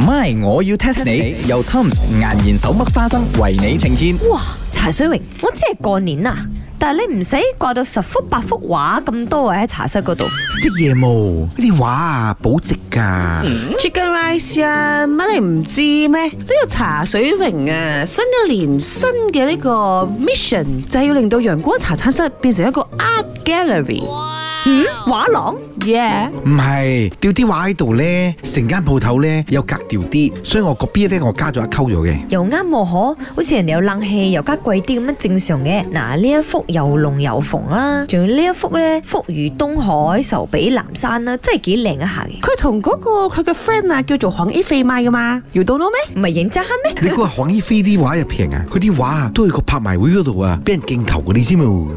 唔係，My, 我要 test 你。Test it. 由 Tom's 毅然手剝花生，為你呈獻。哇！茶水榮，我只係過年啊！但係你唔使掛到十幅八幅畫咁多喺茶室嗰度。識嘢冇？呢啲畫啊，保值噶。chicken rice 啊，乜你唔知咩？呢、這個茶水榮啊，新一年新嘅呢個 mission 就係要令到陽光茶餐室變成一個 art gallery。嗯，畫廊，yeah，唔係，吊啲畫喺度咧，成間鋪頭咧有格調啲，所以我個邊一啲我加咗一溝咗嘅。又啱喎，嗬，好似人哋有冷氣又加貴啲咁樣正常嘅。嗱，呢一幅又龍又鳳啦，啊，仲有呢一幅咧，福如東海，壽比南山啦，啊，真係幾靚一下嘅。佢同嗰個佢嘅 friend 啊，叫做黃一飛賣噶嘛，搖到咯咩？唔係認真咩？你估黃一飛啲畫入平啊？佢啲畫都係個拍賣會嗰度啊，俾人競投嘅，你知冇？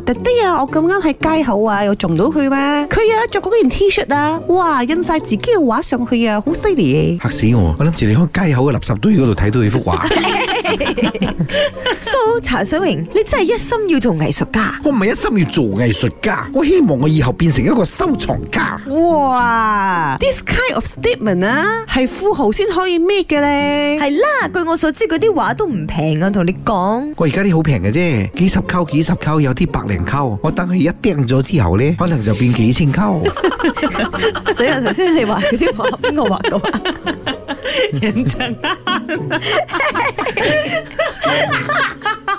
得得呀！我咁啱喺街口啊，又撞到佢咩？佢呀着嗰件 T 恤啊，哇，印晒自己嘅畫上去呀，好犀利！嚇死我！我諗住你喺街口嘅垃圾堆嗰度睇到佢幅畫。 So 查水榮，你真係一心要做藝術家？我唔係一心要做藝術家，我希望我以後變成一個收藏家。哇，this kind of statement 啊，係富豪先可以 make 嘅咧。係啦，據我所知，嗰啲畫都唔平啊，同你講。我而家啲好平嘅啫，幾十嚿、幾十嚿，有啲百零嚿。我等佢一釘咗之後咧，可能就變幾千嚿。 死人頭先你話嗰啲畫邊個畫嘅話，畫畫 認真。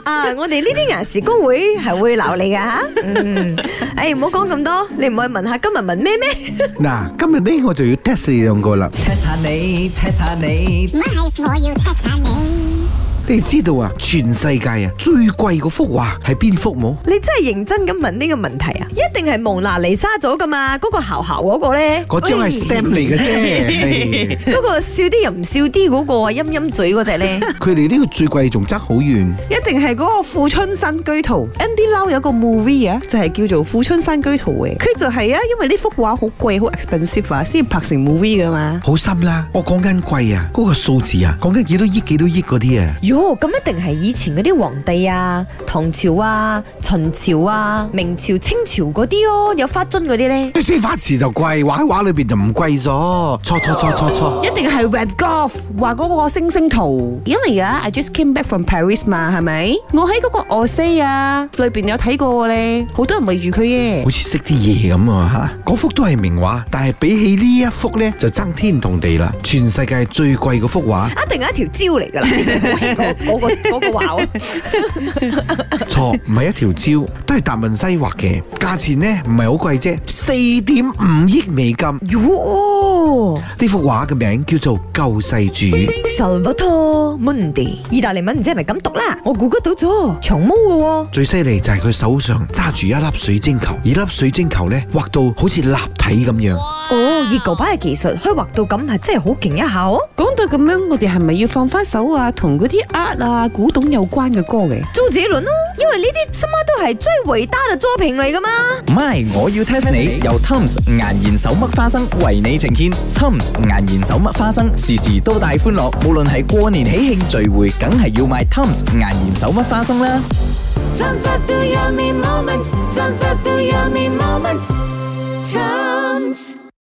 啊！我哋呢啲牙士工會係會鬧你噶吓，嗯，哎，唔好講咁多，你唔可以問下今日問咩咩？嗱，今日咧我就要 test 你兩個啦，test 下你，test 下你，唔係我要 test 下你。你知道啊，全世界啊最貴嗰幅畫係邊幅冇？你真係認真咁問呢個問題啊！一定係蒙娜麗莎咗噶嘛？嗰、那個姣姣嗰個咧？嗰張係 stamp 嚟嘅啫，不、哎、過笑啲又唔笑啲嗰、那個啊，陰陰嘴嗰隻咧？佢哋呢個最貴仲爭好遠， 一定係嗰個富春山居圖。Andy Lau 有個 movie 啊，就係、是、叫做《富春山居圖》嘅，佢就係啊，因為呢幅畫好貴，好 expensive 啊，先拍成 movie 噶嘛。好深啦，我講緊貴啊，嗰、那個數字啊，講緊幾多億、幾多億嗰啲啊。咁、哦、一定係以前嗰啲皇帝啊，唐朝啊、秦朝啊、明朝、清朝嗰啲哦，有花樽嗰啲咧。你先花瓷就貴，畫喺畫裏邊就唔貴咗。錯錯錯錯錯，一定係 Red Golf 畫嗰個星星圖。因為而、啊、家 I just came back from Paris 嘛，係咪？我喺嗰個 Orsay 啊裏邊有睇過咧，好多人圍住佢耶。好識似識啲嘢咁啊！吓，嗰幅都係名畫，但係比起呢一幅咧，就爭天同地啦！全世界最貴嗰幅畫，一定係一條蕉嚟噶啦。 嗰個嗰個畫喎，錯，唔係一條蕉，都係達文西畫嘅，價錢咧唔係好貴啫，四點五億美金，呢幅畫嘅名叫做《救世主》，Salvator Mundi，意大利文唔知係咪咁讀啦，我估得到咗，長毛嘅喎，最犀利就係佢手上揸住一粒水晶球，而粒水晶球咧畫到好似立體咁樣。熱狗版嘅技術可以畫到咁，係真係好勁一下哦！講到咁樣，我哋係咪要放翻首啊同嗰啲 art 啊古董有關嘅歌嘅？周杰倫咯，因為呢啲乜都係最偉大嘅作品嚟噶嘛！My 我要 test 你，你是由 Thumbs 硬言手乜花生為你呈現，Thumbs 硬言手乜花生時時都帶歡樂，無論係過年喜慶聚會，梗係要買 Thumbs 硬言手乜花生啦！